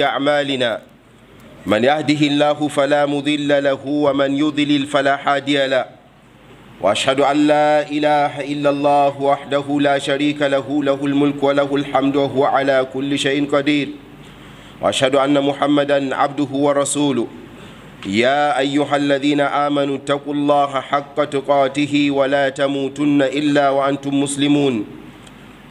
أعمالنا من يهده الله فلا مضل له ومن يضلل فلا هادي له وأشهد أن لا إله إلا الله وحده لا شريك له له الملك وله الحمد وهو على كل شيء قدير وأشهد أن محمدا عبده ورسوله يا أيها الذين آمنوا اتقوا الله حق تقاته ولا تموتن إلا وأنتم مسلمون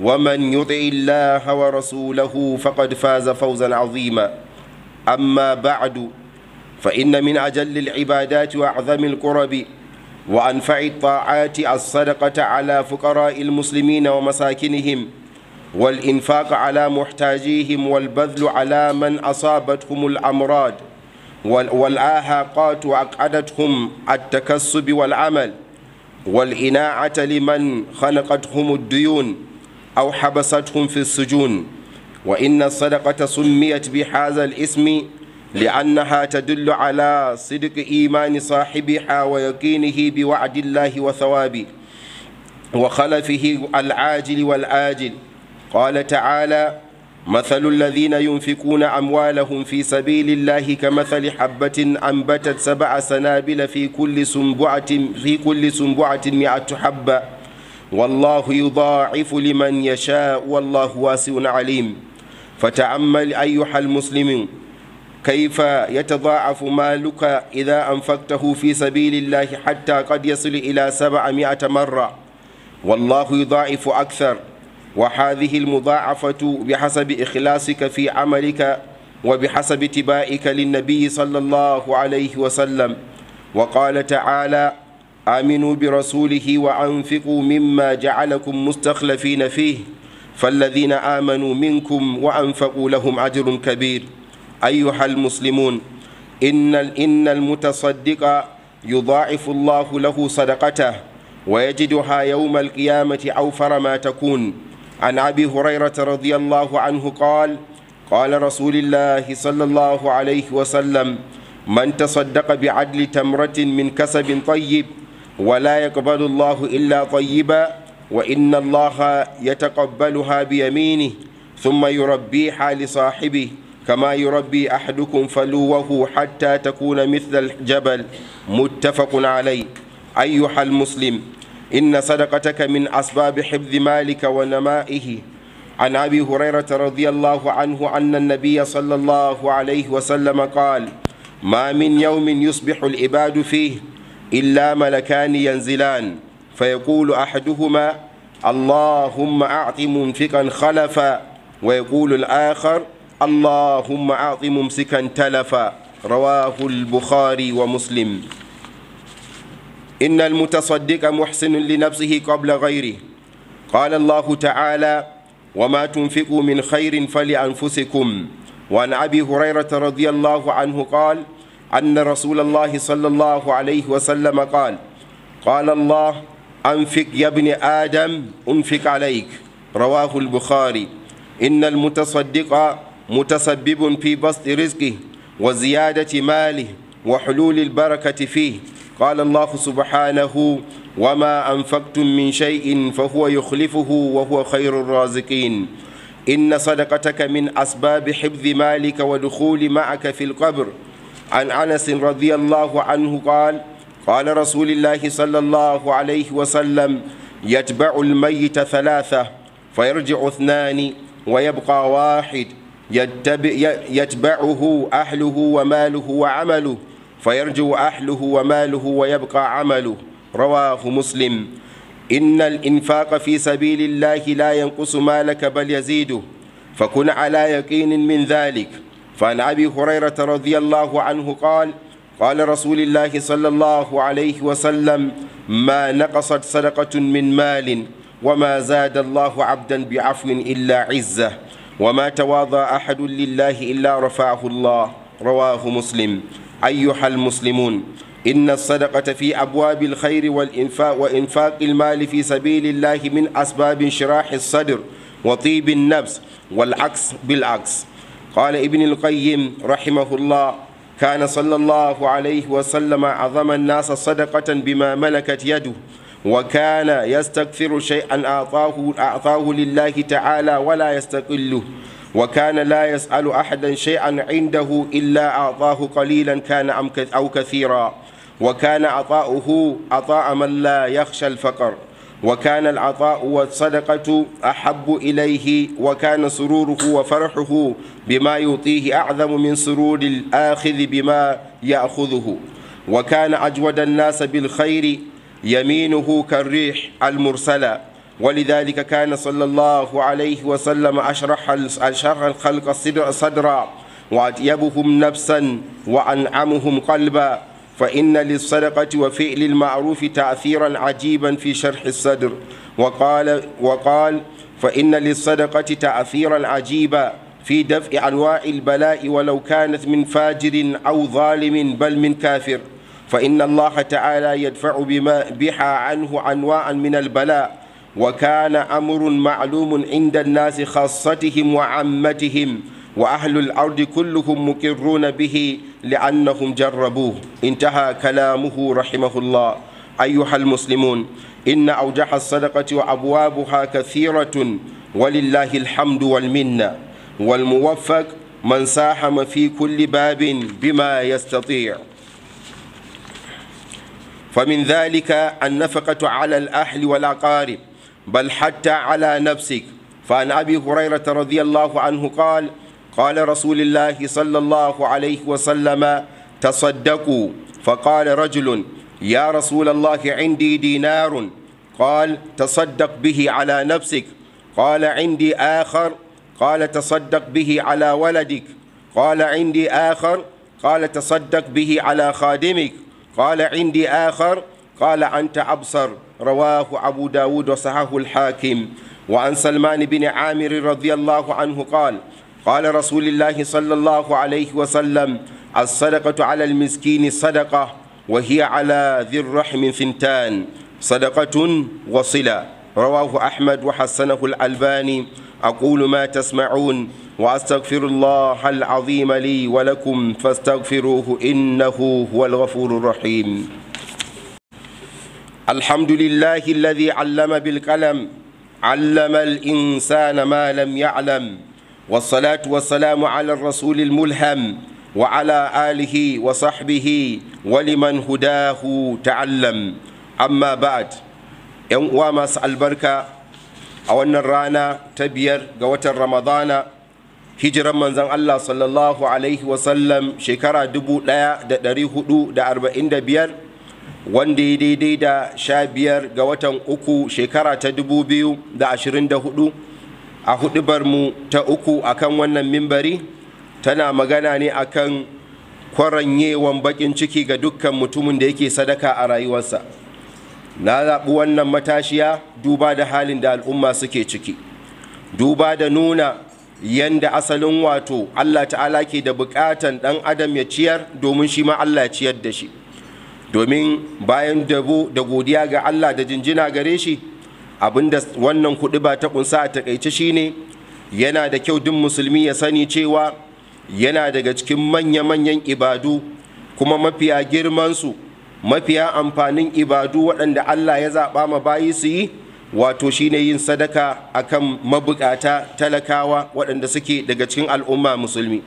ومن يطع الله ورسوله فقد فاز فوزا عظيما أما بعد فإن من أجل العبادات وأعظم القرب وأنفع الطاعات الصدقة على فقراء المسلمين ومساكنهم والإنفاق على محتاجيهم والبذل على من أصابتهم الأمراض والآهاقات وأقعدتهم التكسب والعمل والإناعة لمن خنقتهم الديون أو حبستهم في السجون وإن الصدقة سميت بهذا الاسم لأنها تدل على صدق إيمان صاحبها ويقينه بوعد الله وثوابه وخلفه العاجل والآجل قال تعالى مثل الذين ينفقون أموالهم في سبيل الله كمثل حبة أنبتت سبع سنابل في كل سنبعة في كل سنبعة مئة حبة والله يضاعف لمن يشاء والله واسع عليم فتأمل أيها المسلمين كيف يتضاعف مالك إذا أنفقته في سبيل الله حتى قد يصل إلى سبعمائة مرة والله يضاعف أكثر وهذه المضاعفة بحسب إخلاصك في عملك وبحسب اتباعك للنبي صلى الله عليه وسلم وقال تعالى آمنوا برسوله وأنفقوا مما جعلكم مستخلفين فيه فالذين آمنوا منكم وأنفقوا لهم أجر كبير أيها المسلمون إن إن المتصدق يضاعف الله له صدقته ويجدها يوم القيامة أوفر ما تكون عن أبي هريرة رضي الله عنه قال قال رسول الله صلى الله عليه وسلم من تصدق بعدل تمرة من كسب طيب ولا يقبل الله إلا طيبا وإن الله يتقبلها بيمينه ثم يربيها لصاحبه كما يربي أحدكم فلوه حتى تكون مثل الجبل متفق عليه أيها المسلم إن صدقتك من أسباب حفظ مالك ونمائه عن أبي هريرة رضي الله عنه أن النبي صلى الله عليه وسلم قال ما من يوم يصبح العباد فيه إلا ملكان ينزلان فيقول أحدهما اللهم أعط منفقا خلفا ويقول الآخر اللهم أعط ممسكا تلفا رواه البخاري ومسلم إن المتصدق محسن لنفسه قبل غيره قال الله تعالى وما تنفقوا من خير فلأنفسكم وعن أبي هريرة رضي الله عنه قال أن رسول الله صلى الله عليه وسلم قال قال الله أنفق يا ابن آدم أنفق عليك رواه البخاري إن المتصدق متسبب في بسط رزقه وزيادة ماله وحلول البركة فيه قال الله سبحانه وما أنفقتم من شيء فهو يخلفه وهو خير الرازقين إن صدقتك من أسباب حفظ مالك ودخول معك في القبر عن أنس رضي الله عنه قال قال رسول الله صلى الله عليه وسلم يتبع الميت ثلاثة فيرجع اثنان ويبقى واحد يتبع يتبعه أهله وماله وعمله فيرجع أهله وماله ويبقى عمله رواه مسلم إن الإنفاق في سبيل الله لا ينقص مالك بل يزيده فكن على يقين من ذلك فعن أبي هريرة رضي الله عنه قال قال رسول الله صلى الله عليه وسلم ما نقصت صدقة من مال وما زاد الله عبدا بعفو إلا عزة وما تواضع أحد لله إلا رفعه الله رواه مسلم أيها المسلمون إن الصدقة في أبواب الخير والإنفاق وإنفاق المال في سبيل الله من أسباب انشراح الصدر وطيب النفس والعكس بالعكس قال ابن القيم رحمه الله كان صلى الله عليه وسلم عظم الناس صدقة بما ملكت يده وكان يستكثر شيئا أعطاه, أعطاه لله تعالى ولا يستقله وكان لا يسأل أحدا شيئا عنده إلا أعطاه قليلا كان أو كثيرا وكان عطاؤه عطاء من لا يخشى الفقر وكان العطاء والصدقة أحب إليه وكان سروره وفرحه بما يعطيه أعظم من سرور الآخذ بما يأخذه وكان أجود الناس بالخير يمينه كالريح المرسلة ولذلك كان صلى الله عليه وسلم أشرح الخلق صدرا وأطيبهم نفسا وأنعمهم قلبا فإن للصدقة وفعل المعروف تأثيرا عجيبا في شرح الصدر وقال, وقال فإن للصدقة تأثيرا عجيبا في دفع أنواع البلاء ولو كانت من فاجر أو ظالم بل من كافر فإن الله تعالى يدفع بما بها عنه أنواعا من البلاء وكان أمر معلوم عند الناس خاصتهم وعامتهم وأهل الأرض كلهم مقرون به لأنهم جربوه انتهى كلامه رحمه الله أيها المسلمون إن أوجح الصدقة وأبوابها كثيرة ولله الحمد والمنة والموفق من ساهم في كل باب بما يستطيع فمن ذلك النفقة على الأهل والأقارب بل حتى على نفسك فعن أبي هريرة رضي الله عنه قال قال رسول الله صلى الله عليه وسلم تصدقوا فقال رجل يا رسول الله عندي دينار قال تصدق به على نفسك قال عندي آخر قال تصدق به على ولدك قال عندي آخر قال تصدق به على خادمك قال عندي آخر قال أنت أبصر رواه أبو داود وصححه الحاكم وعن سلمان بن عامر رضي الله عنه قال قال رسول الله صلى الله عليه وسلم الصدقة على المسكين صدقة وهي على ذي الرحم ثنتان صدقة وصلة رواه أحمد وحسنه الألباني أقول ما تسمعون وأستغفر الله العظيم لي ولكم فاستغفروه إنه هو الغفور الرحيم الحمد لله الذي علم بالقلم علم الإنسان ما لم يعلم والصلاة والسلام على الرسول الملهم وعلى آله وصحبه ولمن هداه تعلم أما بعد ‘yan uwa masu albarka a wannan rana ta biyar ga watan ramadana hijiran manzan Allah sallallahu alaihi wasallam da 1445 wanda ya daidai da sha biyar ga watan uku shekara ta dubu biyu da da ashirin hudu. a hudubar mu ta uku akan wannan mimbari tana magana ne akan kwaranyewan bakin ciki ga dukkan mutumin da yake sadaka a rayuwarsa na zaɓi wannan matashiya duba da halin da al'umma suke ciki duba da nuna yanda asalin wato Allah ta'ala ke da buƙatan ɗan adam ya ciyar domin shi ma Allah ya ciyar da shi domin bayan dabo da godiya ga Allah da jinjina gare shi abinda wannan kuɗi ba ta kunsa a takaice shine yana da kyau duk musulmi ya sani cewa yana daga cikin manya-manyan ibadu kuma mafiya girmansu mafiya amfanin ibadu waɗanda Allah ya zaɓa ma bayi su yi wato shine yin sadaka akan mabukata talakawa waɗanda suke daga cikin al'umma musulmi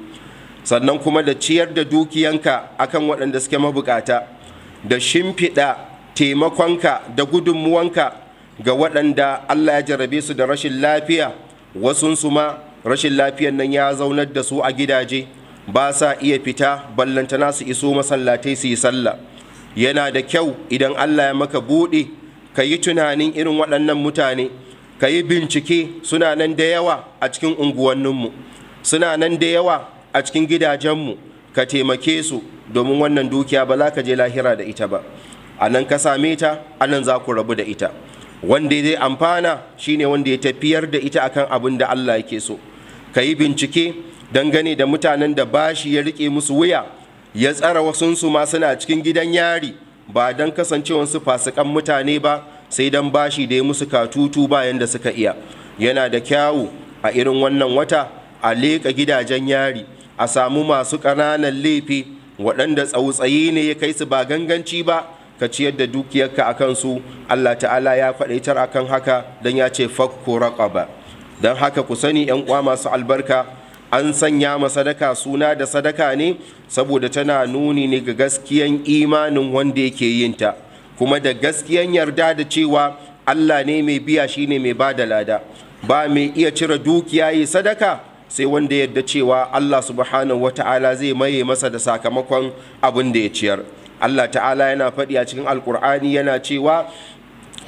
sannan kuma da ciyar da dukiyanka akan waɗanda suke mabukata da shimfiɗa taimakonka da gudunmuwanka ga waɗanda Allah ya jarrabe su da rashin lafiya wasunsu ma rashin lafiyan nan ya zaunar da su a gidaje ba sa iya fita ballantana su iso masallatai su yi sallah yana da kyau idan Allah ya maka buɗe ka yi tunanin irin waɗannan mutane ka yi bincike suna nan da yawa a cikin unguwanninmu suna nan da yawa a cikin gidajenmu ka taimake su domin wannan dukiya ba za ka je lahira da ita ba a nan ka same ta a nan za ku rabu da ita wanda zai amfana shine wanda ya tafiyar da ita akan abin da Allah yake so ka yi bincike dangane da mutanen da bashi ya rike musu wuya ya tsara wasunsu ma suna cikin gidan yari ba don kasancewansu fasikan mutane ba sai don bashi da ya musu katutu bayan da suka iya yana da kyawu a irin wannan wata a leƙa gidajen yari a samu masu ƙananan laifi waɗanda tsautsayi ne ya kai su ba ganganci ba ka ciyar da dukiyarka a kansu Allah ta'ala ya faɗaitar akan haka don ya ce fakko raqaba don haka ku sani yan uwa masu albarka an sanya ma sadaka suna da sadaka ne saboda tana nuni ne ga gaskiyan imanin wanda yake yin ta kuma da gaskiyan yarda da cewa Allah ne mai biya shine mai bada lada ba mai iya cire dukiya yi sadaka sai wanda yadda cewa Allah subhanahu wata'ala zai maye masa da sakamakon abin da ya ciyar Allah ta'ala yana faɗi a cikin alkur'ani yana cewa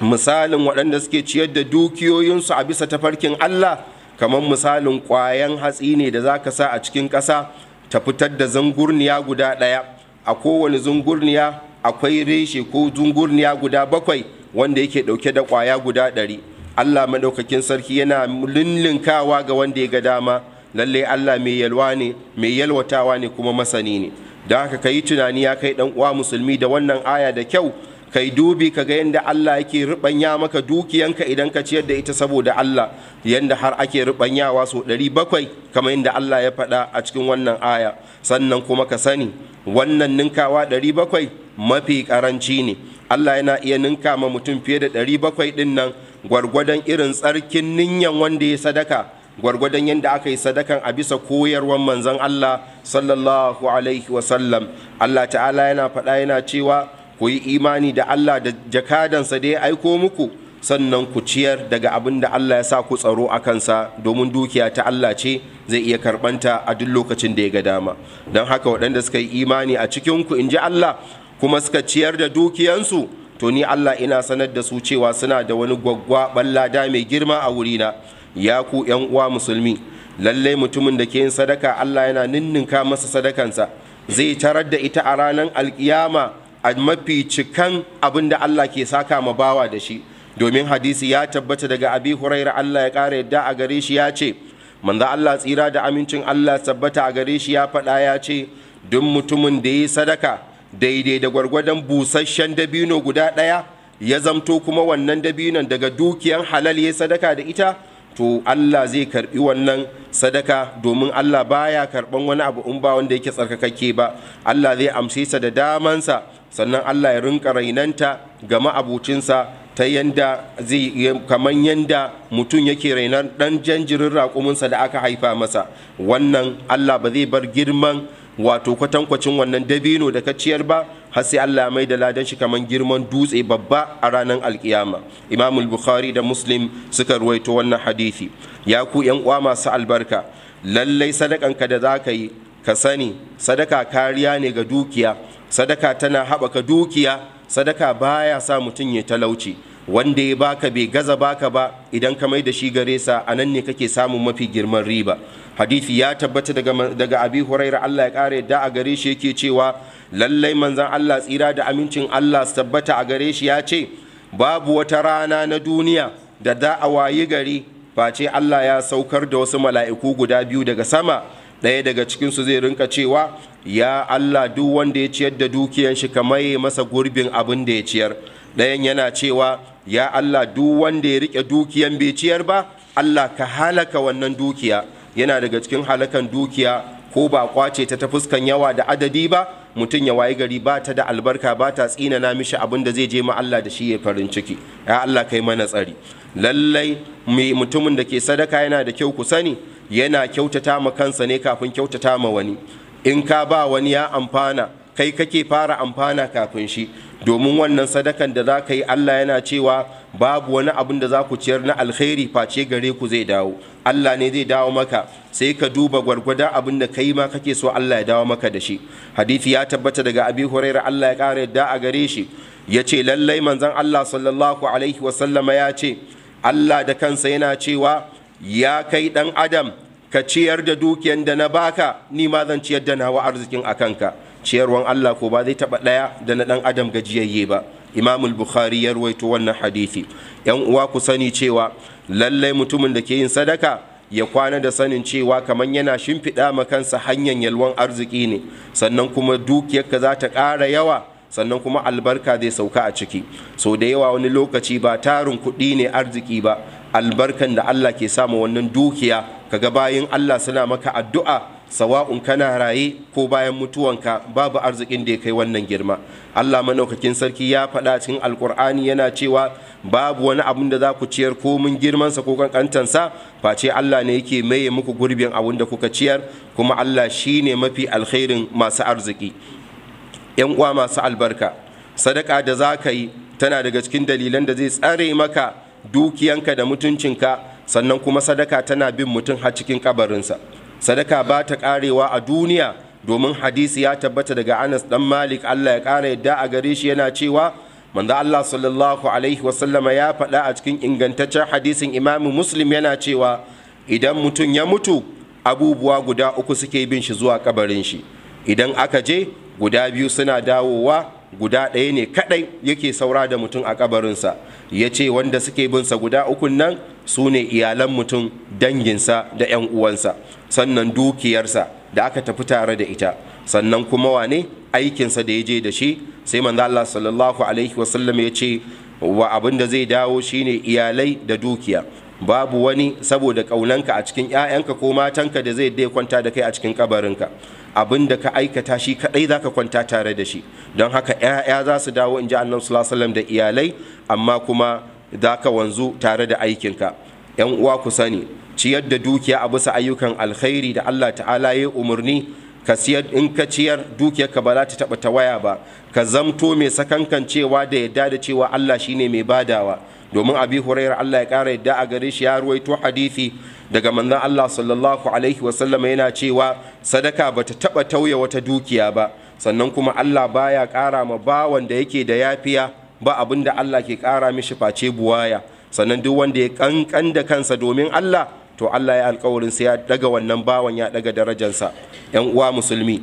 misalin waɗanda suke ciyar da dukiyoyinsu a bisa tafarkin Allah kamar misalin ƙwayan hatsi ne da za ka sa a cikin ƙasa ta fitar da zungurniya guda ɗaya a kowane zungurniya akwai reshe ko zungurniya guda bakwai wanda yake ɗauke da ƙwaya guda ɗari Allah maɗaukakin sarki yana lullunkawa ga wanda ya ga dama lallai Allah mai mai yalwatawa ne kuma masani ne da haka ka yi tunani ya kai ɗan uwa musulmi da wannan aya da kyau kai dubi ka ga yadda Allah yake rubanya maka dukiyanka idan ka ciyar da ita saboda Allah yadda har ake rubanyawa so ɗari bakwai kamar yadda Allah ya faɗa a cikin wannan aya sannan kuma ka sani wannan ninkawa ɗari bakwai mafi ƙaranci ne Allah yana iya ninka ma mutum fiye da ɗari bakwai ɗin nan gwargwadon irin tsarkin ninyan wanda ya sadaka gwargwadon yadda aka yi sadakan a bisa koyarwar manzon Allah sallallahu alaihi wasallam Allah ta'ala yana faɗa yana cewa ku yi imani da Allah da jakadansa da ya aiko muku sannan ku ciyar daga abin da Allah ya sa ku tsaro a kansa domin dukiya ta Allah ce zai iya karɓanta a duk lokacin da ya ga dama don haka waɗanda suka yi imani a cikinku in ji Allah kuma suka ciyar da dukiyansu to ni Allah ina sanar da su cewa suna da wani gwaggwaɓar lada mai girma a wurina. ya ku yan uwa musulmi lallai mutumin da ke yin sadaka Allah yana ninninka masa sadakansa zai tarar da ita a ranar alkiyama a mafi cikan abin da Allah ke saka ma bawa da shi domin hadisi ya tabbata daga abi huraira Allah ya ƙara yadda a gare shi ya ce manzo Allah tsira da amincin Allah tabbata a gare shi ya faɗa ya ce duk mutumin da ya sadaka daidai da gwargwadon busasshen dabino guda ɗaya ya zamto kuma wannan dabinon daga dukiyan halal ya sadaka da ita to Allah zai karbi wannan sadaka domin Allah baya karban wani abu in ba wanda yake tsarkakakke ba Allah zai amshe sa da daman sa sannan Allah ya rinka rainanta ga ma'abucinsa ta yanda zai kamar yanda mutum yake rainan dan janjirin raƙuminsa da aka haifa masa wannan Allah ba zai bar girman wato kwatankwacin wannan dabino da ka ciyar ba har sai Allah mai da ladan shi kaman girman dutse babba a ranar alkiyama Imam Bukhari da Muslim suka ruwaito wannan hadisi ya ku yan uwa masu albarka lallai ka da zaka yi ka sani sadaka kariya ne ga dukiya sadaka tana haɓaka dukiya sadaka baya sa mutum ya talauci wanda ya baka bai gaza baka ba idan ka mai da shi gare sa anan ne kake samun mafi girman riba hadisi ya tabbata daga abi huraira Allah ya kare da a gare shi yake cewa lallai manzon Allah tsira da amincin Allah tabbata a gare shi ya ce babu wata rana na duniya da da a wayi gari face Allah ya saukar da wasu mala'iku guda biyu daga sama ɗaya daga cikinsu zai rinka cewa ya Allah duk wanda ya ciyar da dukiyan shi kamar masa gurbin abin da ya ciyar ɗayan yana cewa ya Allah duk wanda ya riƙe dukiyan bai ciyar ba Allah ka halaka wannan dukiya yana daga cikin halakan dukiya ko ba kwace ta ta fuskan yawa da adadi ba mutum ya wayi gari ba ta da albarka ba ta na mishi abin da zai je ma Allah da shi ya farin ciki ya Allah kai mana tsari lallai mutumin da ke sadaka yana da kyau ku sani yana kyautata ma kansa ne kafin kyautata ma wani in ka ba wani ya amfana kai kake fara amfana kafin shi domin wannan sadakan da za ka yi Allah yana cewa babu wani abin da za ku ciyar na alkhairi face gare ku zai dawo Allah ne zai dawo maka sai ka duba gwargwada abin da kai ma kake so Allah ya dawo maka da shi hadisi ya tabbata daga abi huraira Allah ya kare yadda a gare shi ya ce lallai manzon Allah sallallahu alaihi wasallama ya ce Allah da kansa yana cewa ya kai dan adam ka ciyar da dukiyan da na baka ni ma zan ciyar da nawa arzikin a kanka ciyarwan Allah ko ba zai taɓa ɗaya da na ɗan adam gajiyayye ba imam bukhari ya ruwaito wannan hadithi yan uwa ku sani cewa lallai mutumin da ke yin sadaka ya kwana da sanin cewa kamar yana shimfiɗa ma kansa hanyar yalwan arziki ne sannan kuma dukiyarka za ta ƙara yawa sannan kuma albarka zai sauka a ciki Sau da yawa wani lokaci ba tarin kuɗi ne arziki ba albarkan da Allah ke samu wannan dukiya kaga bayin Allah suna maka addu'a sawa'un kana raye ko bayan mutuwanka babu arzikin da ya kai wannan girma Allah manaukakin sarki ya faɗa cikin alkur'ani yana cewa babu wani abun da za ku ciyar ko mun girmansa ko kankantansa face Allah ne yake maye muku gurbin abun da kuka ciyar kuma Allah shi ne mafi alkhairin masu arziki yan uwa masu albarka sadaka da za ka yi tana daga cikin dalilan da zai tsare maka dukiyanka da mutuncinka sannan kuma sadaka tana bin mutum har cikin kabarinsa sadaka ba ta karewa a duniya domin hadisi ya tabbata daga Anas dan Malik Allah ya kara yadda a gare shi yana cewa manzo Allah sallallahu alaihi wasallam ya faɗa a cikin ingantaccen hadisin imamu Muslim yana cewa idan mutum ya mutu abubuwa guda uku suke bin shi zuwa kabarin shi idan aka je guda biyu suna dawowa guda ɗaya ne kaɗai yake saura da mutum a kabarinsa ya ce wanda suke binsa guda ukun nan sune iyalan mutum danginsa da 'yan uwansa sannan dukiyarsa da aka tafi tare da ita sannan kuma wane aikinsa da ya je da shi sai manzo Allah sallallahu alaihi wasallam ya ce wa abin da zai dawo shine iyalai da dukiya babu wani saboda kaunanka a cikin 'ya'yanka ko matanka da zai dai kwanta da kai a cikin kabarinka abin da ka aikata shi kadai zaka kwanta tare da shi don haka 'ya'ya za su dawo in ji annabi sallallahu da iyalai amma kuma zaka wanzu tare da aikinka yan uwa ku sani ciyar da dukiya a bisa ayyukan alkhairi da Allah ta'ala ya umarni ka siyar in ka ciyar dukiyarka ba za ta taɓa tawaya ba ka zamto mai sakankan cewa da yadda da cewa Allah shine mai badawa domin abi hurairar Allah ya ƙara yadda a gare shi ya ruwaito hadithi daga manzon Allah sallallahu alaihi wa sallama yana cewa sadaka ba ta taba tauye wata dukiya ba sannan kuma Allah baya kara ma bawan da yake da yafiya ba abin da Allah ke kara mishi face buwaya sannan duk wanda ya kankan da kansa domin Allah to Allah ya alkawarin sai ya daga wannan bawan ya daga darajarsa yan uwa musulmi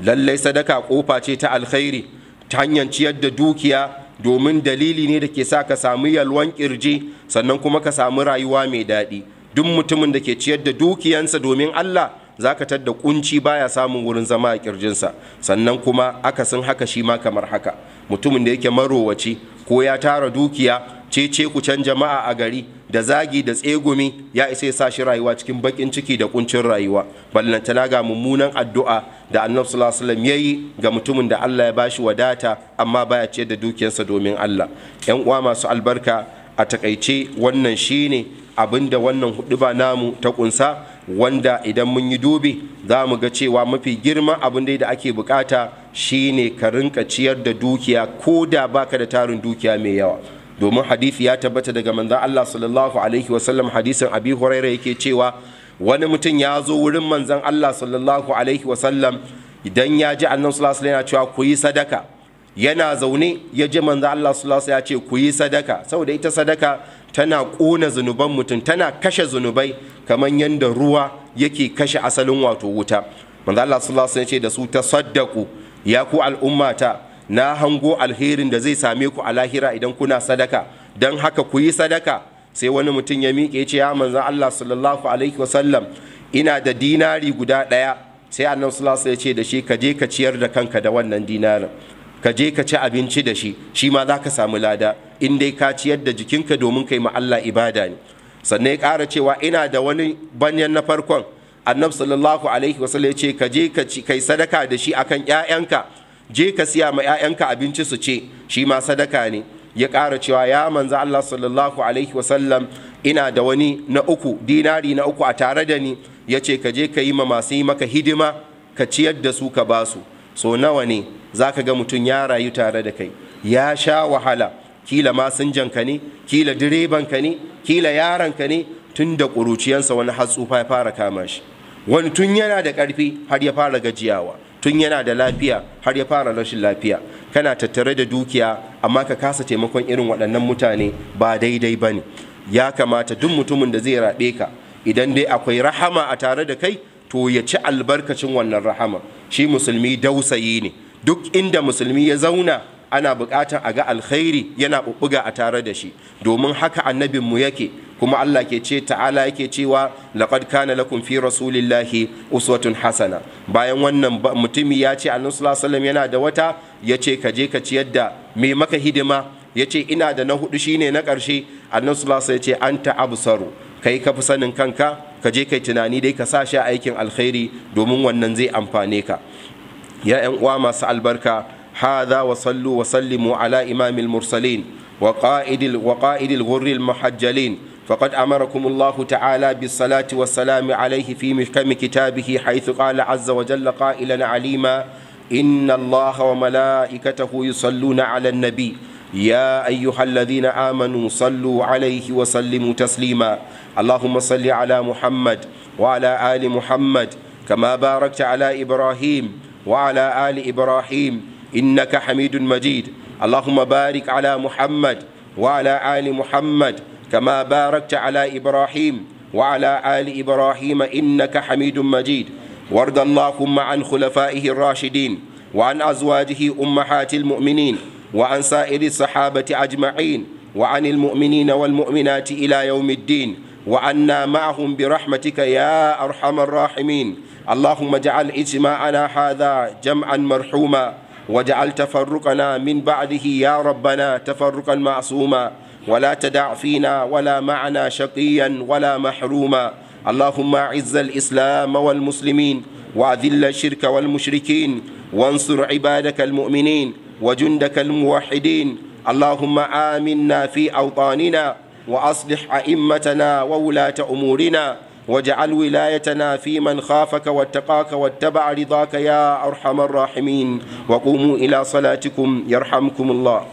lallai sadaka kofa ce ta alkhairi ta hanyar ciyar da dukiya domin dalili ne da ke sa ka samu yalwan kirji sannan kuma ka samu rayuwa mai daɗi duk mutumin da ke ciyar da dukiyansa domin Allah za ka tadda kunci baya samun wurin zama a kirjinsa sannan kuma akasin haka shi ma kamar haka mutumin da yake marowaci ko ya tara dukiya cece ku can jama'a a gari da zagi da tsegumi ya isa ya sa shi rayuwa cikin bakin ciki da kuncin rayuwa ballantana ga mummunan addu'a da annabi sallallahu alaihi wasallam yayi ga mutumin da Allah ya bashi wadata amma baya ciyar da dukiyarsa domin Allah yan uwa masu albarka a takaice wannan shine abinda wannan huduba namu ta kunsa wanda idan mun yi dubi za mu ga cewa mafi girma abin da ake bukata shine ka rinka ciyar da dukiya ko da baka da tarin dukiya mai yawa domin hadisi ya tabbata daga manzon Allah sallallahu alaihi wasallam hadisin Abi Hurairah yake cewa wani mutum ya zo wurin manzon Allah sallallahu alaihi wasallam idan ya ji annabi sallallahu alaihi yana cewa ku yi sadaka yana zaune ya ji manzon Allah sallallahu alaihi ya ce ku yi sadaka saboda ita sadaka tana kona zunuban mutum tana kashe zunubai kamar yadda ruwa yake kashe asalin wato wuta Manzan Allah sallallahu alaihi wasallam ya ce da su tasaddaku ya ku al'ummata na hango alherin da zai same ku a lahira idan kuna sadaka don haka ku yi sadaka sai wani mutum ya miƙe ce ya manzan Allah sallallahu alaihi wasallam ina da dinari guda ɗaya sai annan sallallahu ya ce da shi ka je ka ciyar da kanka da wannan dinarin ka je ka ci abinci da shi shi ma za ka samu lada in dai ka ciyar da jikinka domin kai ma Allah ibada ne sannan ya ƙara cewa ina da wani banyan na farkon annabi sallallahu alaihi wasallam ya ce ka je ka kai sadaka da shi akan ƴaƴanka je ka siya ma ƴaƴanka abinci su ce shi ma sadaka ne ya ƙara cewa ya manzo Allah sallallahu alaihi wasallam ina da wani na uku dinari na uku a tare da ni ya ce ka je ka yi ma masu yi maka hidima ka ciyar da su ka basu so nawa ne za ka ga mutum ya rayu tare da kai ya sha wahala kila masinjanka ne kila ka ne kila ka ne tun da ƙuruciyansa wani har tsufa ya fara kama shi wani tun yana da ƙarfi har ya fara gajiyawa tun yana da lafiya har ya fara rashin lafiya kana tattare da dukiya amma ka kasa taimakon irin waɗannan mutane ba daidai ba ne ya kamata duk mutumin da zai raɓe ka idan dai akwai rahama a tare da kai to ya ci albarkacin wannan rahama shi musulmi dausayi ne duk inda musulmi ya zauna ana buƙatar a ga alkhairi yana bubbuga a tare da shi domin haka annabinmu yake kuma Allah ke ce ta'ala yake cewa laqad kana lakum fi rasulillahi uswatun hasana bayan wannan mutumi ya ce annabi sallallahu alaihi yana da wata ya ce ka je ka ciyar da me maka hidima ya ce ina da na hudu shine na ƙarshe annabi sallallahu alaihi ya ce anta absaru kai ka fi sanin kanka ka je kai tunani dai ka sa shi aikin alkhairi domin wannan zai amfane ka ya ƴan uwa masu albarka hadha wa sallu wa sallimu ala imamil mursalin وقائد وقائد الغر المحجلين فقد أمركم الله تعالى بالصلاة والسلام عليه في محكم كتابه حيث قال عز وجل قائلا عليما إن الله وملائكته يصلون على النبي يا أيها الذين آمنوا صلوا عليه وسلموا تسليما اللهم صل على محمد وعلى آل محمد كما باركت على إبراهيم وعلى آل إبراهيم إنك حميد مجيد اللهم بارك على محمد وعلى آل محمد كما باركت على إبراهيم وعلى آل إبراهيم إنك حميد مجيد وارض اللهم عن خلفائه الراشدين وعن أزواجه أمهات المؤمنين وعن سائر الصحابة أجمعين وعن المؤمنين والمؤمنات إلى يوم الدين وعنا معهم برحمتك يا أرحم الراحمين اللهم اجعل اجماعنا هذا جمعا مرحوما واجعل تفرقنا من بعده يا ربنا تفرقا معصوما ولا تدع فينا ولا معنا شقيا ولا محروما اللهم اعز الاسلام والمسلمين واذل الشرك والمشركين وانصر عبادك المؤمنين وجندك الموحدين اللهم امنا في اوطاننا واصلح ائمتنا وولاه امورنا واجعل ولايتنا في من خافك واتقاك واتبع رضاك يا ارحم الراحمين وقوموا الى صلاتكم يرحمكم الله